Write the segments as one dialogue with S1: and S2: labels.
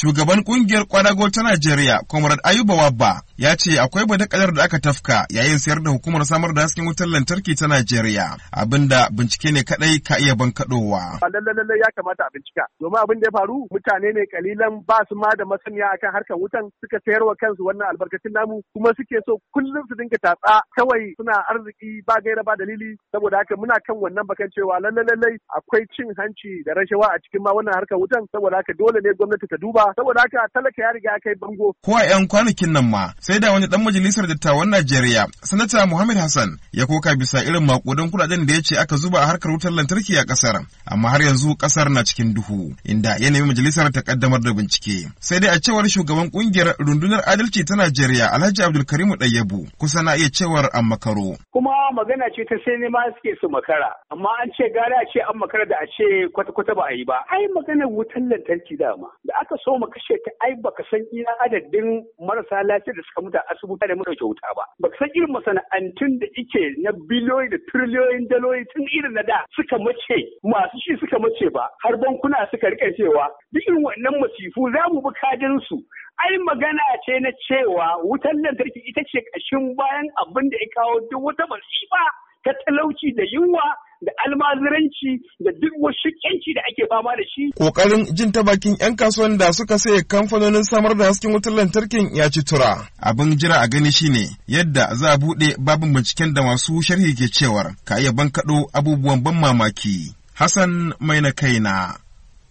S1: shugaban kungiyar kwadago ta Najeriya, Comrade Ayuba Wabba, ya ce akwai badakalar da aka tafka yayin sayar da hukumar samar da hasken wutar lantarki ta Najeriya abinda bincike ne kadai ka iya bankadowa.
S2: Lalle ya kamata a bincika domin abin da ya faru mutane ne kalilan ba su ma da masaniya akan harkar wutan suka sayar wa kansu wannan albarkacin namu kuma suke so kullum su dinga tatsa kawai suna arziki ba gaira ba dalili saboda haka muna kan wannan bakan cewa lalle lalle akwai cin hanci da rashawa a cikin ma wannan harkar wutan saboda haka dole ne gwamnati ta duba saboda haka talaka ya riga ya kai bango.
S1: Ko a 'yan kwanakin nan ma sai da wani dan majalisar dattawan Najeriya, Sanata Muhammad Hassan ya koka bisa irin makudan kudaden da ya ce aka zuba a harkar wutar lantarki a kasar, amma har yanzu kasar na cikin duhu, inda yanayin majalisar ta kaddamar da bincike. Sai dai a cewar shugaban kungiyar rundunar adalci ta Najeriya, Alhaji Abdulkarim Dayyabu, kusa na iya cewar an makaro.
S3: Kuma kuma magana ce ta sai ne ma suke su makara amma an ce gara ce an makara da a ce kwata-kwata ba a yi ba ai magana wutar lantarki dama da aka so mu kashe ta ai baka san ina adadin marasa lafiya da suka mutu a asibiti da mu dauke wuta ba baka san irin masana'antun da ike na biliyoyi da triliyoyin daloli tun irin na da suka mace masu shi suka mace ba har bankuna suka rike cewa duk irin wannan masifu za mu bi kajin su ai magana ce na cewa wutar lantarki ita ce ƙashin bayan abin da ya kawo duk wata masifa ta talauci da yunwa da almaziranci da duk wasu kyanci da ake fama da shi. Kokarin
S1: jin ta bakin 'yan kasuwan da suka saye kamfanonin samar da hasken wutar lantarkin ya ci tura. Abin jira a gani shine yadda za a buɗe babin binciken da masu sharhi ke cewar ka iya bankaɗo abubuwan ban mamaki. Hassan mai na kaina,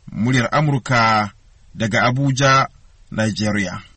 S1: muryar Amurka daga Abuja, Nigeria.